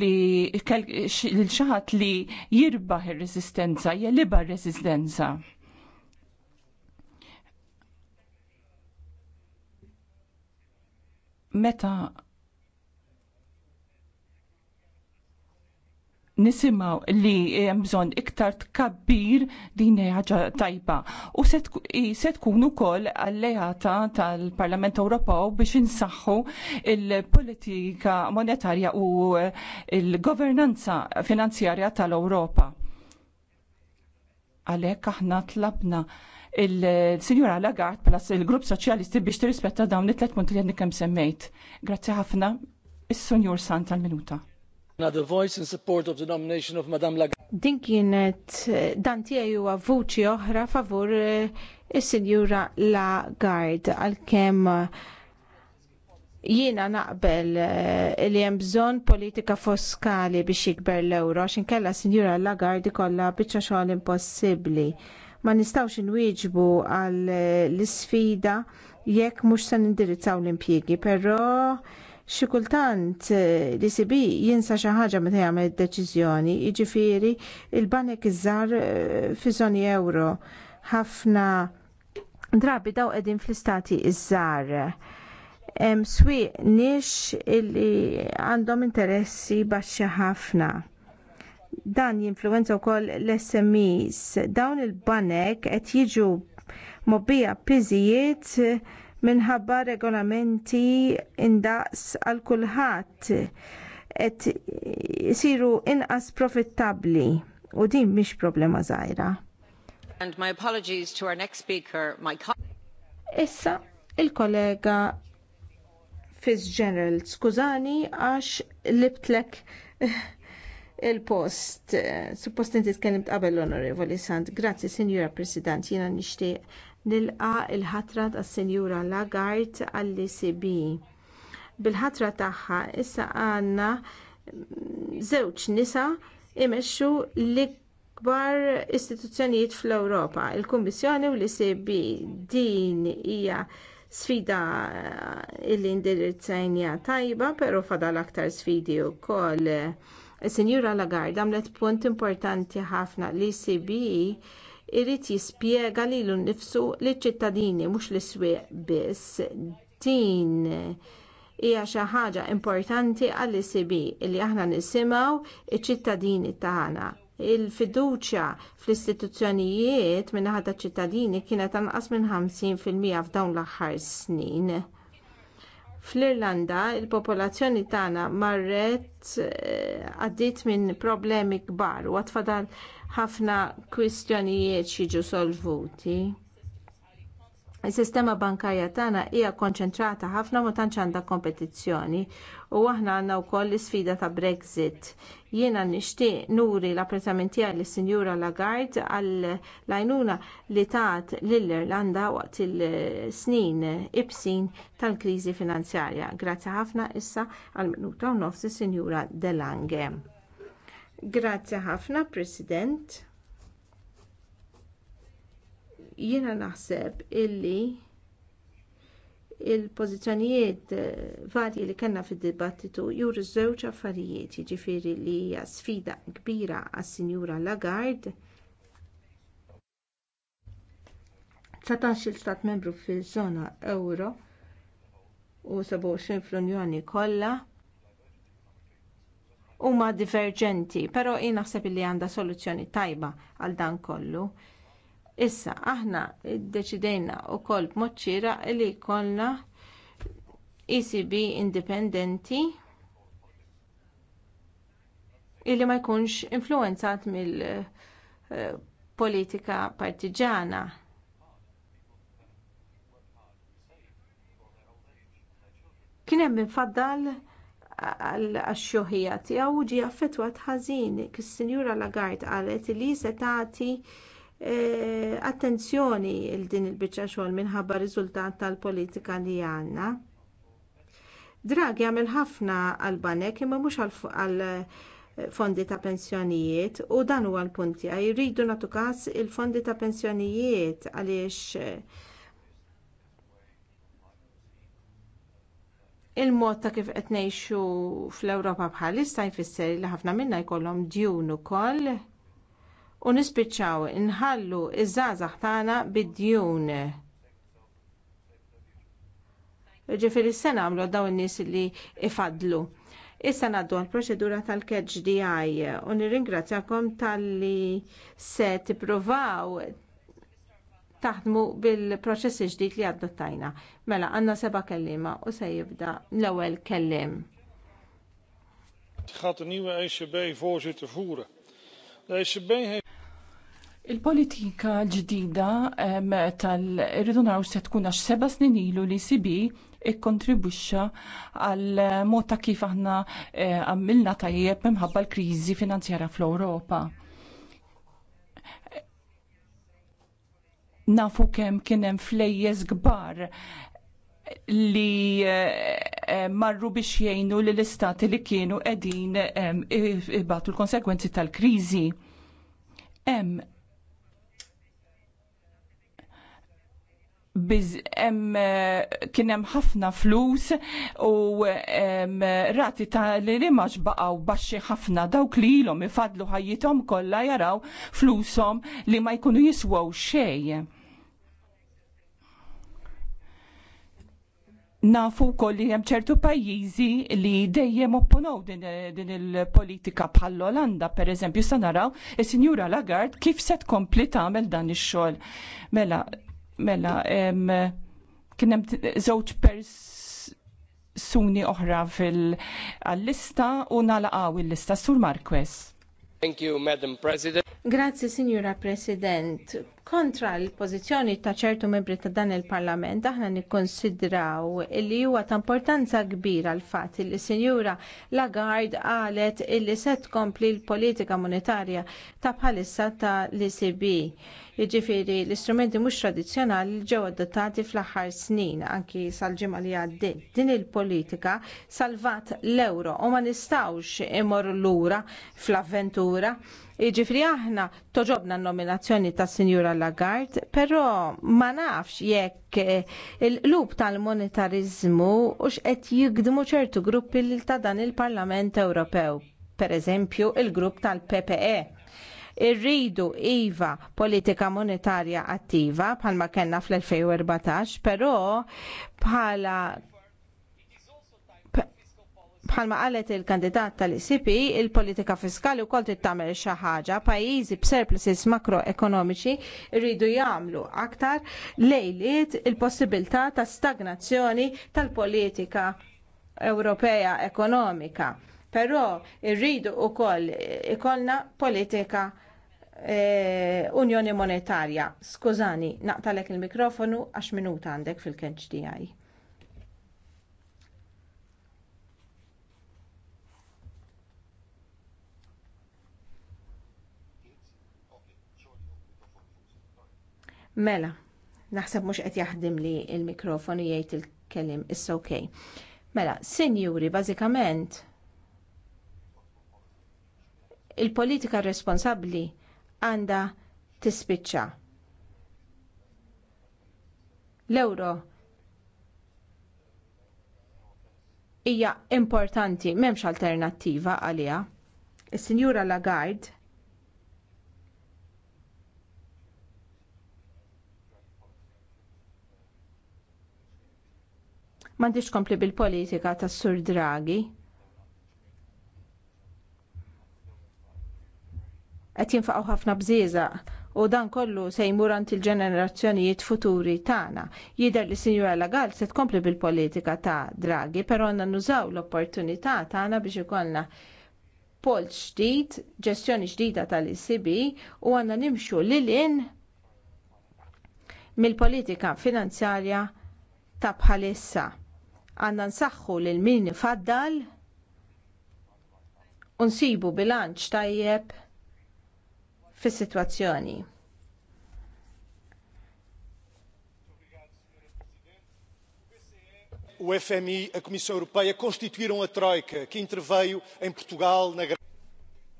li l-xaħat li jirbaħ ir-resistenza, jeliba r-resistenza. Meta nisimaw li bżonn iktar tkabbir din ħaġa tajba. U se tkun ukoll alleata tal-Parlament Ewropew biex insaħħu il-politika monetarja u eh, il-governanza finanzjarja tal-Ewropa. Għalhekk aħna tlabna il-Sinjura Lagarde palas il-Grupp Soċjalisti biex tirrispetta dawn it-tlet punti li għandni kemm semmejt. Grazzi ħafna, is-Sunjur Sant tal-Minuta. Another voice in support of the nomination of Madame Lagarde. Din kienet dan tiegħi huwa vuċi oħra favur eh, is-Sinjura Lagarde għalkemm eh, jiena naqbel eh, li hemm bżonn politika foskali biex jikber l-ewro għax inkella Sinjura Lagarde kollha biċċa xogħol impossibbli. Ma nistgħux inwieġbu għall l-isfida jekk mhux se nindirizzaw l-impjiegi, però Xi kultant eh, li sibi jinsa xi ħaġa meta jagħmel deċiżjoni, jiġifieri il-banek iż-żar eh, fi żoni euro ħafna drabi daw qegħdin fl-istati iż-żar. Hemm swieq nix illi għandhom interessi baxxi ħafna dan jinfluwenza wkoll l-SMEs. Dawn il-banek qed jiġu mobbija piżijiet minħabba regolamenti indaqs għal kulħadd qed isiru inqas profittabbli u din mhix problema żgħira. And my apologies to our next speaker, my Issa il-kollega Fitzgerald, skużani għax libtlek il-post. Eh, suppost inti tkellimt qabel l-Onorevoli Sant. Grazzi, Signora President, jiena nixtieq nilqa l-ħatra tas-Sinjura Lagarde għall-ECB. Bil-ħatra tagħha issa għandna żewġ nisa imexxu l-ikbar istituzzjonijiet fl-Ewropa, il-Kummissjoni u l icb Din hija sfida li indirizzajnija tajba, però fadal aktar sfidi wkoll. Is-Sinjura Lagarde għamlet punt importanti ħafna l icb irrid jispjega lilu nnifsu ċ ċittadini mhux l-iswieq biss. Din hija xi ħaġa importanti għall icb li aħna nisimgħu iċ-ċittadini tagħna. Il-fiduċja fl-istituzzjonijiet min naħa taċ ċittadini kienet anqas minn 50% f'dawn l-aħħar snin. Fl-Irlanda, il-popolazzjoni tagħna marret eh, għaddiet minn problemi kbar u għatfadal fadal ħafna kwistjonijiet jiġu solvuti. Is-sistema bankarja tagħna hija kkonċentrata ħafna ma tantx għandha kompetizzjoni u aħna għandna wkoll l-isfida ta' Brexit. Jiena nixtieq nuri l-apprezzament tiegħi lis sinjura Lagarde għall għajnuna li tat lill-Irlanda waqt il-snin ibsin tal-kriżi finanzjarja. Grazzi ħafna issa għall minuta u nofs is-Sinjura Delange. Grazzi ħafna, President. Jiena naħseb illi il-pożizzjonijiet eh, varji li kellna fid-dibattitu juru żewġ affarijiet, jiġifieri li hija sfida kbira għas-Sinjura Lagarde. Satax il stat membru fil żona Ewro u 27 fl-Unjoni kollha huma diverġenti, però jien naħseb li għandha soluzzjoni tajba għal dan kollu. Issa, aħna ddeċidejna wkoll b'mod xieraq li jkollna ECB indipendenti illi ma jkunx influenzat mill-politika eh, partiġana. Kien hemm infaddal għax-xoħija tiegħu ġie affettwat ħażin. kis sinjura Lagarde qalet li se tagħti e, attenzjoni il din il-biċċa xogħol minħabba riżultat tal-politika li għandna. Draghi għamil ħafna għall banek imma mhux għal e, fondi ta' pensjonijiet u dan huwa l-punti għaj rridu natu każ il-fondi ta' pensjonijiet għaliex Il-mod ta' kif qed ngħixu fl-Ewropa bħalissa jfisser li ħafna minna jkollhom djun ukoll u nispiċċaw inħallu iż-żgħażagħ tagħna bid-djun. Ġifieri sena għamlu daw in-nies li ifadlu. Issa naddu għal-proċedura tal-KHDI u nirringrazzjakom tal-li se tippruvaw taħdmu bil-proċess ġdid li għaddottajna. Mela, għanna seba kellima u se jibda l-ewwel kellim. Għat n nieuwe ECB-voorzitter voeren. ECB e Il-politika ġdida tal-irridu naraw se tkun għax seba snin ilu li sibi e ikkontribwixxa għal mod ta' kif aħna eh, għamilna tajjeb imħabba l-kriżi finanzjara fl-Ewropa nafu kem kienem flejjes gbar li eh, eh, marru biex jgħinu li l-istati li kienu edin ibatu l-konsekwenzi tal-krizi. Em, biz em eh, kienem ħafna flus u em, rati ta' li li maġ baqaw baxxi ħafna dawk li ilhom ifadlu ħajjithom kollha jaraw flushom li ma jkunu jiswaw xejn Nafu kol li hemm ċertu pajjiżi li dejjem opponow din, din il-politika bħall Olanda, per eżempju, sa naraw is-Sinjura e Lagarde kif se tkompli tagħmel dan ix-xogħol. Mela, mela, kien hemm żewġ persuni oħra fil-lista u nalaqgħu il-lista Sur Marquez. Thank you, Madam President. Grazie, Signora President kontra l-pożizzjoni ta' ċertu membri ta' dan il-Parlament aħna nikkonsidraw li huwa ta' importanza kbira l fatt li sinjura Lagarde qalet illi se tkompli l-politika monetarja ta' bħalissa ta' l-ECB. Jiġifieri l-istrumenti mhux tradizzjonali ġew adottati fl-aħħar snin anki sal-ġimgħa li għaddiet. Din il-politika salvat l ewro u ma nistgħux imorru lura fl-avventura Jiġifieri aħna toġobna n-nominazzjoni tas Sinjura Lagarde, però ma nafx jekk eh, il lub tal-monetarizmu ux qed jigdmu ċertu gruppi lil ta' dan il-Parlament Ewropew, pereżempju il-grupp tal-PPE. Irridu iva politika monetarja attiva bħalma kellna fl-2014, però bħala bħalma qalet il-kandidat tal-ICP, il-politika fiskali wkoll trid tagħmel xi ħaġa, pajjiżi b'surpluses makroekonomiċi rridu jagħmlu aktar lejliet il-possibilità ta' stagnazzjoni tal-politika Ewropea ekonomika. Però rridu wkoll ikollna politika e, Unjoni Monetarja. Skużani, naqtalek il-mikrofonu għax minuta għandek fil-kenċ tiegħi. Mela, naħseb mhux qed jaħdim li l mikrofon jgħid il-kelim issa ok. Mela, sinjuri, bażikament il-politika responsabbli għandha tispiċċa. L-euro hija importanti m'hemmx alternattiva għaliha. Is-Sinjura Lagarde M'għandix kompli bil-politika tas Sur Draghi. Qed jinfaqgħu ħafna bżieżaq u dan kollu se jmur għand il-ġenerazzjonijiet futuri tagħna. Jidher li Sinjura Lagal se tkompli bil-politika ta' Draghi, però għandna nużaw l-opportunità tagħna biex ikollna pol ġdid, ġestjoni ġdida tal icb u għandna nimxu lilin mill-politika finanzjarja ta' bħalissa għanna nsaħħu l min faddal unsibu bilanċ tajjeb fis situazzjoni o FMI, a Comissão Europeia, constituíram a Troika, que interveio em Portugal na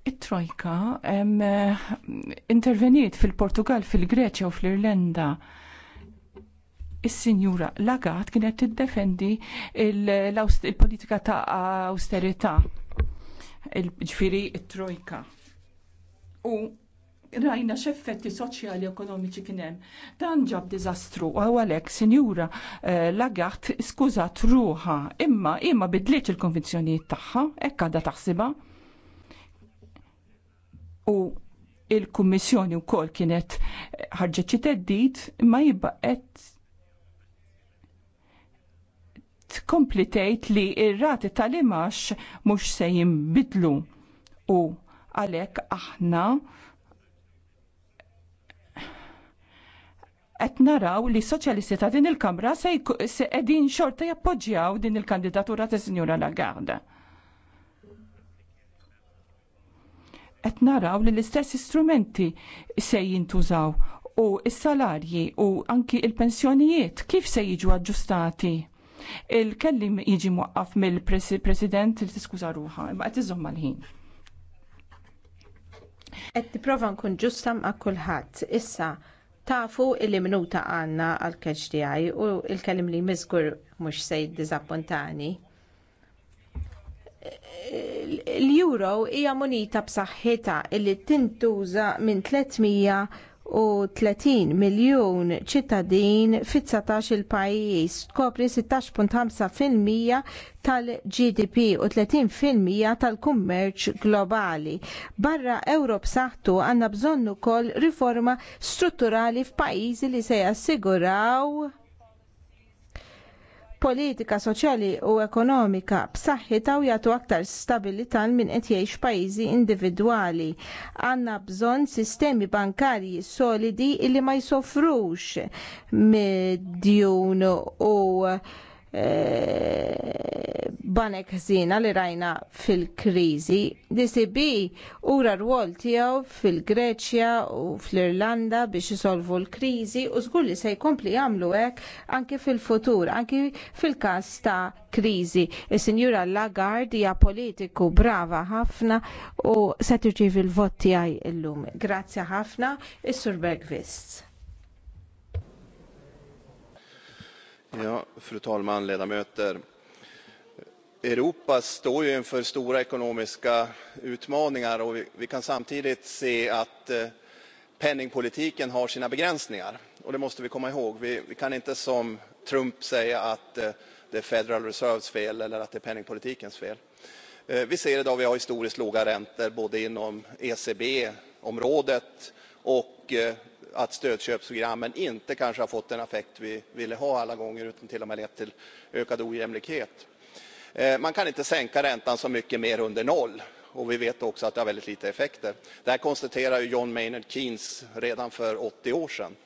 It-Trojka eh, interveniet fil-Portugal, fil-Greċja u fil irlanda Is-Sinjura Lagat kienet tiddefendi il-politika ta' austerità il-ġifiri trojka U rajna x'effetti soċjali ekonomiċi kien hemm. Dan ġab diżastru u għalhekk sinjura eh, lagat skużat ruha imma imma bidliet il-konvinzjonijiet tagħha, hekk għadha taħsiba. U il-Kummissjoni wkoll kienet ħarġet xi teddid imma jibqa' tkompli tgħid li r-rati tal-imax mhux se jinbidlu u għalhekk aħna qed naraw li soċjalisti ta' din il-Kamra se qegħdin xorta jappoġġjaw din il-kandidatura ta' Sinjura Lagarde. Qed naraw li l-istess istrumenti se jintużaw u s-salarji u anki il-pensjonijiet kif se jiġu aġġustati Il-kellim jiġi muqqaf mill-president li tiskuża ruħa, imma qed iżomm mal-ħin. Qed tipprova nkun ġustam għakulħat, kulħadd. Issa tafu il minuta għandna għal għaj u il-kellim li mizgur mhux se jiddiżappuntani l-euro hija munita b'saħħitha li tintuża minn 300 u 30 miljun ċittadin fit 19 il pajjiż tkopri 16.5% tal-GDP u 30% tal-kummerċ globali. Barra Ewrop saħtu għandna bżonn ukoll riforma strutturali f'pajjiżi li se jassiguraw politika soċjali u ekonomika b'saħħitha u jagħtu aktar stabilità minn qed jgħix pajjiżi individwali. Għandna bżonn sistemi bankarji solidi li ma jsofrux mid-djun u E, banek ħżina li rajna fil-krizi. DCB ura rwol tiegħu fil-Greċja u fl-Irlanda biex isolvu l-krizi u żgur li se jkompli jagħmlu hekk anke fil-futur, anke fil-każ ta' krizi. il sinjura Lagarde hija politiku brava ħafna u se tirċievi l-vot il-lum. Grazzi ħafna, is-Sur Bergvist. Ja, fru talman, ledamöter. Europa står ju inför stora ekonomiska utmaningar och vi, kan samtidigt se att eh, penningpolitiken har sina begränsningar. Och det måste vi komma ihåg. Vi, vi kan inte som Trump säga att eh, det är Federal Reserves fel eller att det är penningpolitikens fel. Eh, vi ser idag att vi har historiskt låga räntor både inom ECB-området och att stödköpsprogrammen inte kanske har fått den effekt vi ville ha alla gånger utan till och med lett till ökad ojämlikhet. Eh, man kan inte sänka räntan så mycket mer under noll och vi vet också att det har väldigt lite effekter. Det här konstaterade John Maynard Keynes redan för 80 år sedan.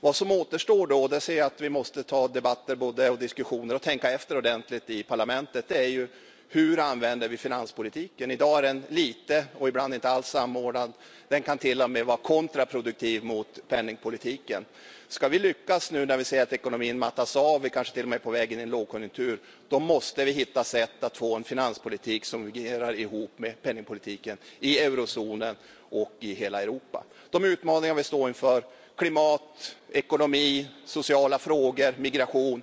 Vad som återstår då, det ser jag att vi måste ta debatter och diskussioner och tänka efter ordentligt i parlamentet, är ju hur använder vi finanspolitiken? i dag är den lite och ibland inte alls samordnad. den kan till och med vara kontraproduktiv mot penningpolitiken. ska vi lyckas nu när vi ser att ekonomin mattas av vi kanske till och med är på väg in i en lågkonjunktur då måste vi hitta sätt att få en finanspolitik som fungerar ihop med penningpolitiken i eurozonen och i hela europa. de utmaningar vi står inför klimat ekonomi sociala frågor migration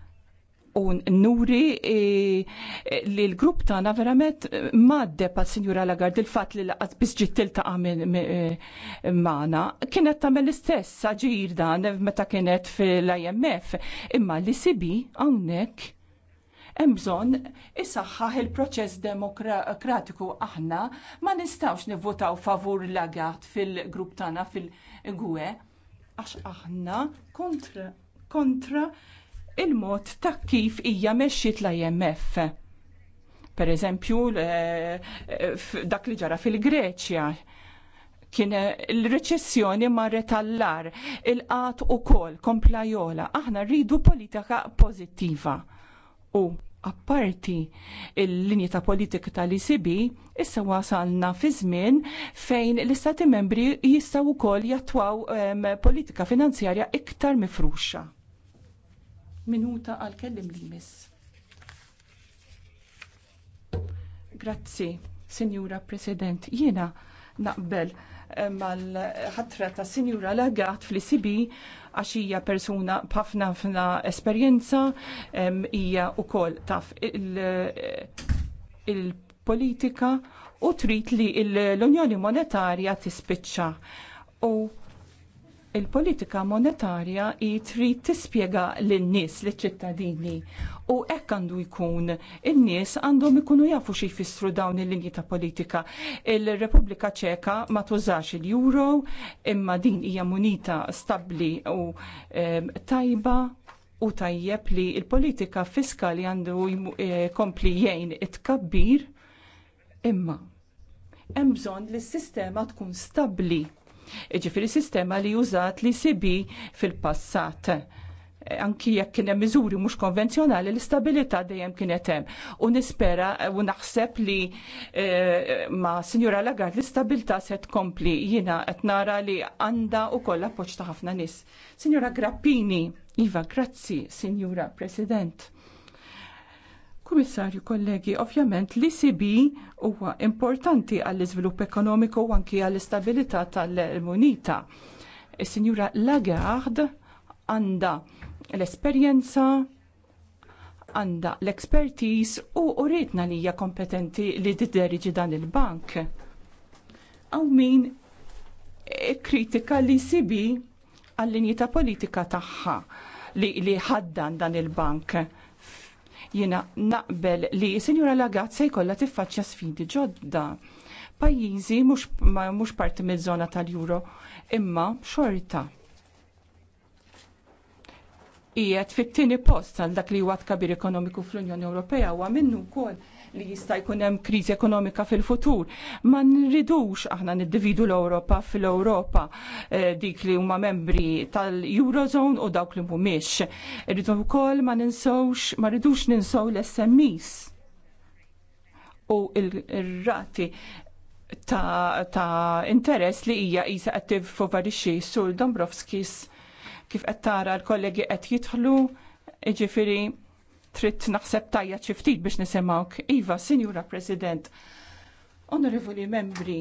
u nuri e, li l-grupp tagħna verament madde pa' Sinjura Lagard il-fatt li laqgħat biss tilta' għamil e, maħna kienet tagħmel l-istess saġir dan meta kienet fil-IMF imma li sibi hawnhekk hemm bżonn isaħħaħ il-proċess demokratiku aħna ma nistawx nivvotaw favur Lagat fil-grupp tagħna fil-gwe għax aħna kontra kontra il-mod ta' kif hija mexxiet l-IMF. Per eżempju, eh, dak li ġara fil-Greċja, kien il-reċessjoni eh, marret tal-lar, il-qat u kol, komplajola, aħna rridu politika pozittiva. U apparti il-linji ta' politika tal-ICB, issa wasalna fi żmien fejn l-istati membri jistaw wkoll jattwaw ehm, politika finanzjarja iktar mifruxa minuta għal kellim li miss. Grazzi, Senjura President. Jiena naqbel eh, mal-ħatra ta' Sinjura Lagat fl-ICB għax hija persuna b'ħafna ħafna esperjenza hija wkoll taf eh, il-politika u trid li l-Unjoni Monetarja tispiċċa. U il-politika monetarja i trid tispjega lin-nies liċ-ċittadini u hekk għandu jkun in-nies għandhom ikunu jafu xi jfissru dawn il-linji ta' politika. Il-Repubblika Ċeka ma tużax il-euro imma din hija munita stabbli u tajba u tajjeb li l politika fiskali għandu e, kompli jgħin it-kabbir imma hemm bżonn li s-sistema tkun stabbli Ġifiri sistema li użat li sibi fil-passat eh, anki jekk kien hemm miżuri mhux konvenzjonali l-istabilità dejjem kienet hemm. U nispera u naħseb li eh, ma' Sinjura Lagarde l-istabilità se tkompli jiena qed nara li għandha wkoll appoġġ ta' ħafna nies. Sinjura Grappini, Iva, grazzi, Sinjura President. Kummissarju kollegi, ovvjament l Sibi huwa importanti għall-iżvilupp ekonomiku u anki għall-istabilità tal-munita. Is-Sinjura Lagarde għandha l-esperjenza, għandha l ekspertiż u uritna li hija kompetenti li tidderiġi dan il-bank. Għaw min kritika li sibi għall-linji ta' politika tagħha li ħaddan dan il-bank Jiena naqbel li Sinjura Lagat se jkollha tiffaċċja sfidi ġodda. Pajjiżi mhux parti miż-żona tal juro imma xorta. Qiegħed fit-tieni post għal dak li huwa tkabir ekonomiku fl-Unjoni Ewropea huwa minnu wkoll li jista' jkun hemm kriżi ekonomika fil-futur. Ma nridux aħna niddividu l-Ewropa fil-Ewropa eh, dik li huma membri tal-Eurozone u dawk li mhumiex. Irridu wkoll ma ninsewx ma rridux ninsew l-SMEs u l rati ta', ta interess li hija qisha qed tivfavorixxi sul Dombrovskis kif qed tara l-kollegi qed jidħlu jiġifieri trid naħseb tajja ftit biex nisimgħu. Iva, Sinjura President, Onorevoli Membri,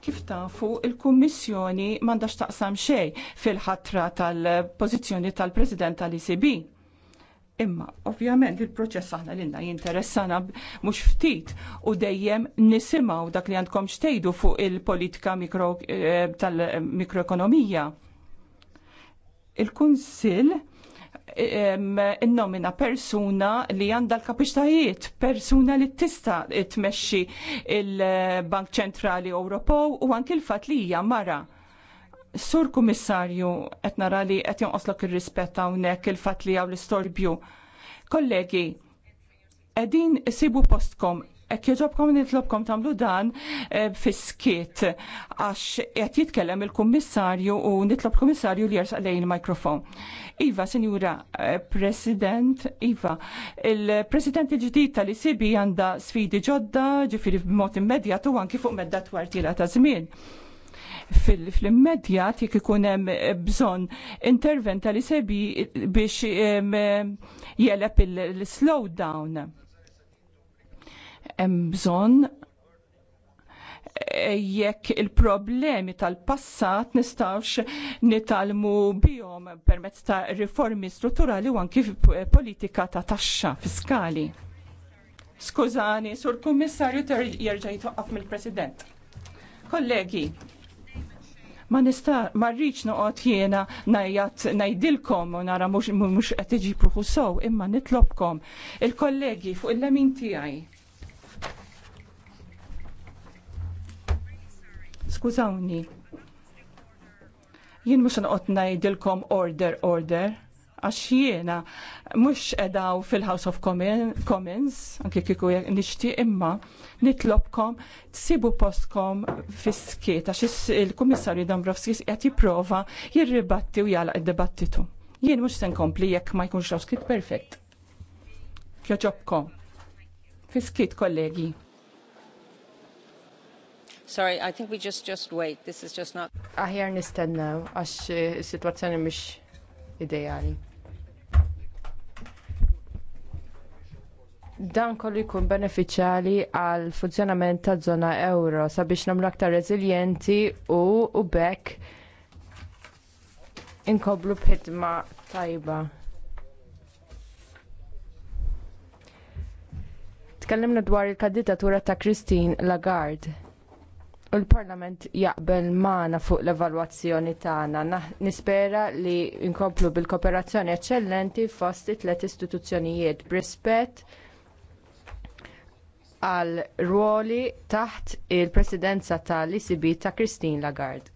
kif tafu il-Kummissjoni mandax taqsam xejn fil-ħatra tal-pożizzjoni tal-President tal icb Imma, ovvjament, il-proċess aħna l-inna jinteressana mux ftit u dejjem nisimaw dak li għandkom xtejdu fuq il-politika eh, tal-mikroekonomija. Il-Kunsil innomina persuna li għandha l-kapiċtajiet, persuna li tista tmexxi il-Bank Ċentrali Ewropew u anki l-fatt li hija mara. Sur Kummissarju, qed nara li qed jonqoslok ir-rispett hawnhekk il-fatt li hawn l-istorbju. Kollegi, qegħdin sibu postkom Ek nitlobkom tamlu dan eh, fiskiet għax qed jitkellem il-kummissarju u nitlob kummissarju li jersa lejn il-mikrofon. Iva, Sinjura eh, President, Iva, il-President il-ġdid tal-ICB għanda sfidi ġodda, ġifiri b'mod immedjat u anki fuq medda twartila ta' żmien fil-immedjat jekk ikun hemm eh, bżonn intervent tal-ICB biex jeleb il-slowdown hemm bżonn eh, jekk il-problemi tal-passat nistawx nitalmu bihom permezz ta' riformi strutturali u anki politika ta' taxxa fiskali. Skużani, sur kummissarju jerġa' toqqaf mill-President. Kollegi, ma nista' ma rridx noqgħod jiena najjat ngħidilkom u nara mhux qed iġibruħu sow imma nitlobkom il-kollegi fuq il-lemin tiegħi Skużawni. Jien mhux noqgħod ngħidilkom order order għax jiena mhux edaw fil-House of Commons, anke kieku nixtieq imma nitlobkom tsibu postkom fis-skiet għax il-Kummissarju Dombrovski qed jipprova jirribatti u jagħlaq id debattitu Jien mhux se nkompli jekk ma jkunx perfekt. Joġobkom. fis kollegi. Sorry, I think we just just wait. This is just not. Aħjar nistennaw għax eh, is-sitwazzjoni mhix ideali. Dan kollu jkun benefiċjali għal funzjonament ta' żona euro sabiex nagħmlu aktar reżiljenti u u bekk inkoblu b'ħidma tajba. Tkellimna dwar il-kandidatura ta' Christine Lagarde l-Parlament jaqbel magħna fuq l-evalwazzjoni tagħna. Nispera li nkomplu bil-kooperazzjoni eċċellenti fost it-tliet istituzzjonijiet b'rispett għal ruoli taħt il-presidenza tal-ICB ta' Christine Lagarde.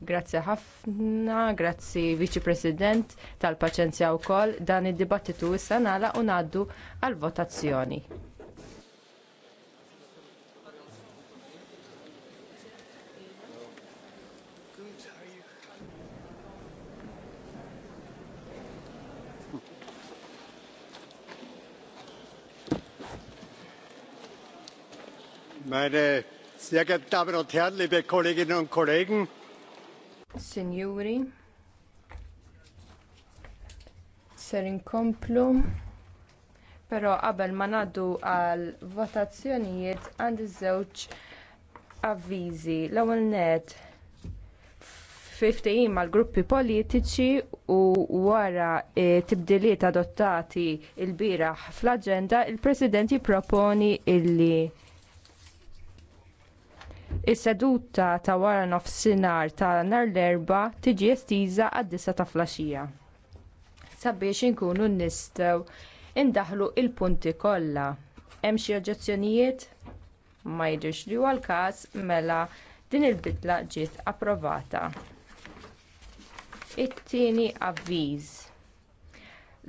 Grazzi ħafna, grazzi Viċi President tal-Paċenzja wkoll dan id-dibattitu issa nagħlaq u ngħaddu għal votazzjoni. Meine sehr geehrten Damen und Herren, liebe Kolleginnen und Kollegen. Signori, ser inkomplu, però qabel ma ngħaddu għal votazzjonijiet għandi żewġ avviżi. L-ewwel nett mal-gruppi politiċi u wara e, tibdiliet adottati il bieraħ fl-aġenda, il-President jipproponi illi Is-seduta ta' wara nofsinhar ta' nhar l-erba tiġi estiża għad-disa ta' flaxija. Sabiex inkunu nistgħu indaħlu l punti kollha. Hemm xi oġġezzjonijiet? Ma jidhirx li huwa l-każ mela din il-bidla ġiet approvata. It-tieni avviż.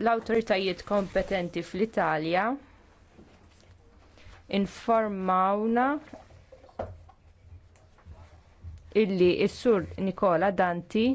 L-awtoritajiet kompetenti fl-Italja informawna illi s-sur Nikola Danti